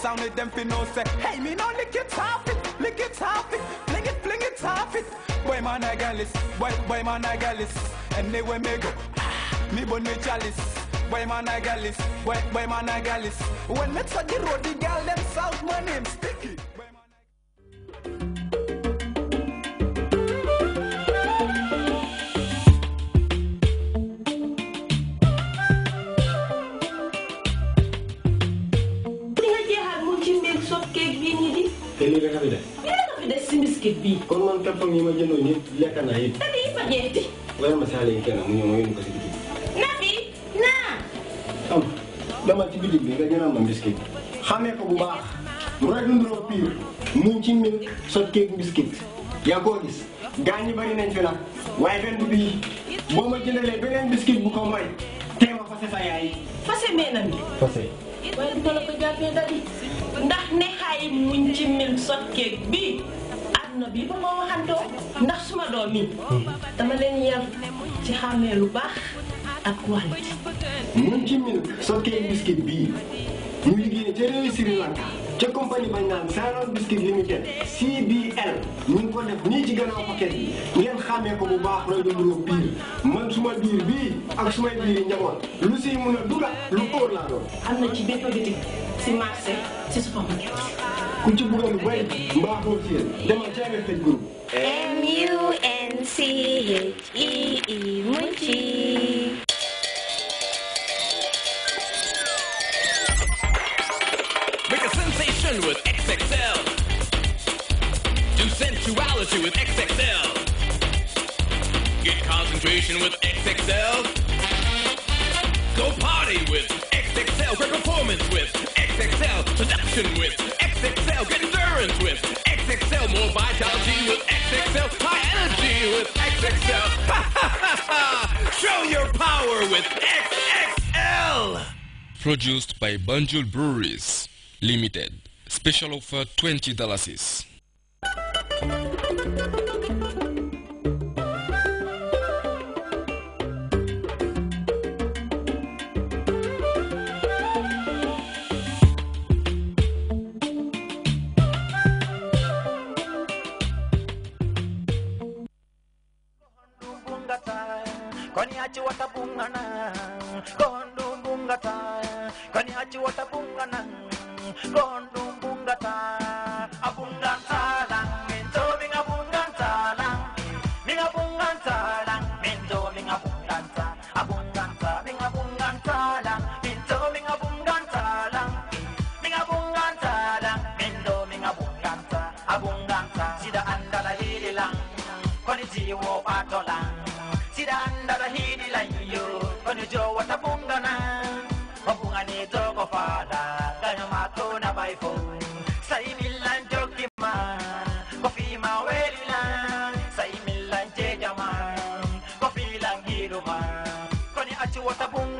Sound it them fi know say, hey me no lick it off it, lick it off it, fling it, fling it off it. Boy man I gallus, boy boy man I gallus. Anyway me go, ah, me bun me chalice. Boy man I gallus, boy boy man I gallus. When me touch the road, the girl them sound my name sticky. kit bi. kon man carton yi ma jëndoon yëpp lekk naa yëpp. na fi fa jeexite. wala ma kenn mu ñëw ma yónni ko si bitig ci bi nga jëndal ma biscuit. xamee ko bu baax. mu rek nduroo pire. mu ci mil sot keeg biscuit. yaa koo gis. gaañ ñi bari nañ fi waaye benn bii. boo ma jëndalee beneen biscuit bu ko mooy. tee ma fase sa yaay. fase meenam bi. fase. ndax ne xaay muñ ci mil sot keeg bii. àdduna bi bu ma waxantoo ndax suma doom yi dama leen yar ci xàmmee lu baax ak qualité mun ci mil sokkee biscuit bii ñu liggéey ca réew Sri Lanka ca compagnie bañ naan Saral Biscuit Limited CBL mu ngi ko def nii ci gannaaw paquet bi ngeen xàmmee ko bu baax roy lu mu biir man suma biir bi ak sumay biir njaboot lu siy mun a dugal lu óor laa doon am na ci bépp bitik si marché si supermarché ku ci bëggoon way mbaaxoo ci yéen demal ci MFH group M U N C H E E munchie. Make a sensation with XXL Do sensuality with XXL Get concentration with XXL Go party with XXL Great performance with XXL. production with XXL. Endurance with XXL. More vitality with XXL. High energy with XXL. Show your power with XXL. Produced by Banjul Breweries Limited. Special offer $20. kaniachi watapungana kondu ngungata kaniachi na, kondu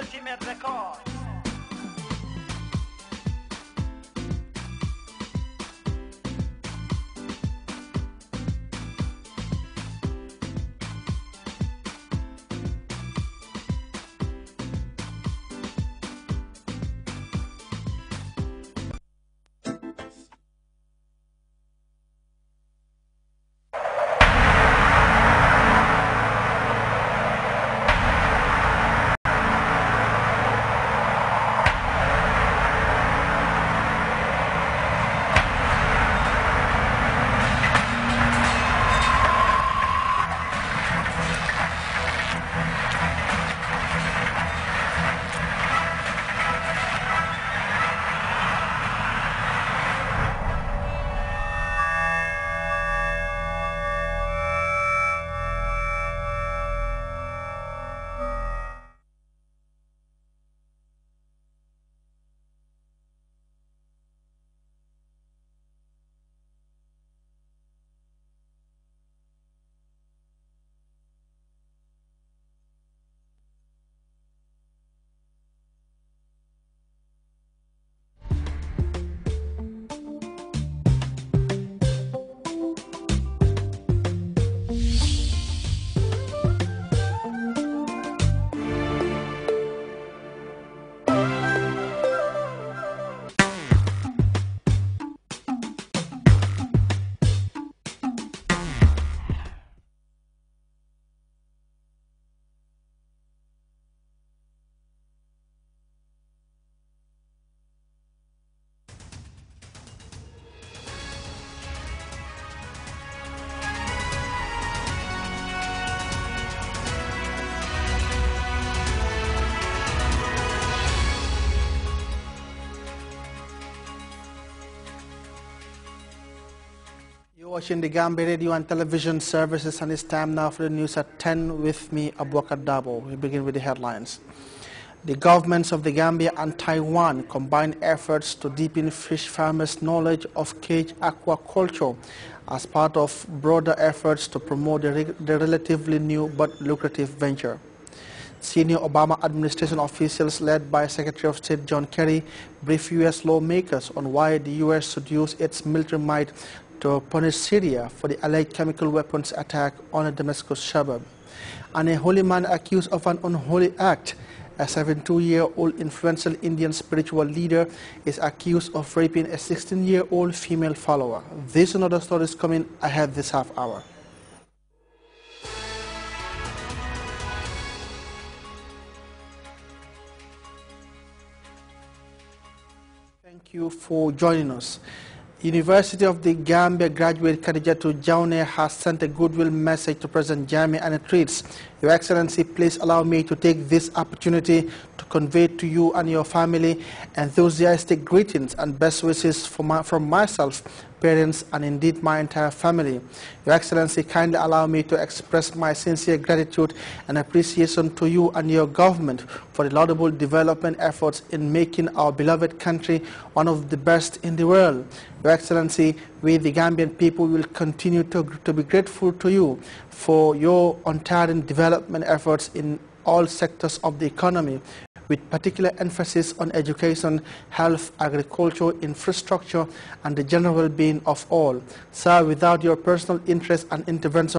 ultimate record. watching the Gambia Radio and Television Services and it's time now for the news at 10 with me, Abubakar Dabo. We begin with the headlines. The governments of the Gambia and Taiwan combine efforts to deepen fish farmers' knowledge of cage aquaculture as part of broader efforts to promote the, the relatively new but lucrative venture. Senior Obama administration officials led by Secretary of State John Kerry brief U.S. lawmakers on why the U.S. should use its military might to punish Syria for the alleged chemical weapons attack on a Damascus suburb. And a holy man accused of an unholy act, a 72-year-old influential Indian spiritual leader is accused of raping a 16-year-old female follower. This and other stories coming ahead this half hour. Thank you for joining us. University of the Gambia graduate Khadijatu Jaune has sent a goodwill message to President Jammeh and it reads, your Excellency, please allow me to take this opportunity to convey to you and your family enthusiastic greetings and best wishes my, from myself, parents, and indeed my entire family. Your Excellency, kindly allow me to express my sincere gratitude and appreciation to you and your government for the laudable development efforts in making our beloved country one of the best in the world. Your Excellency, we the Gambian people will continue to, to be grateful to you for your untiring development development efforts in all sectors of the economy, with particular emphasis on education, health, agriculture, infrastructure, and the general well-being of all. Sir, without your personal interest and intervention,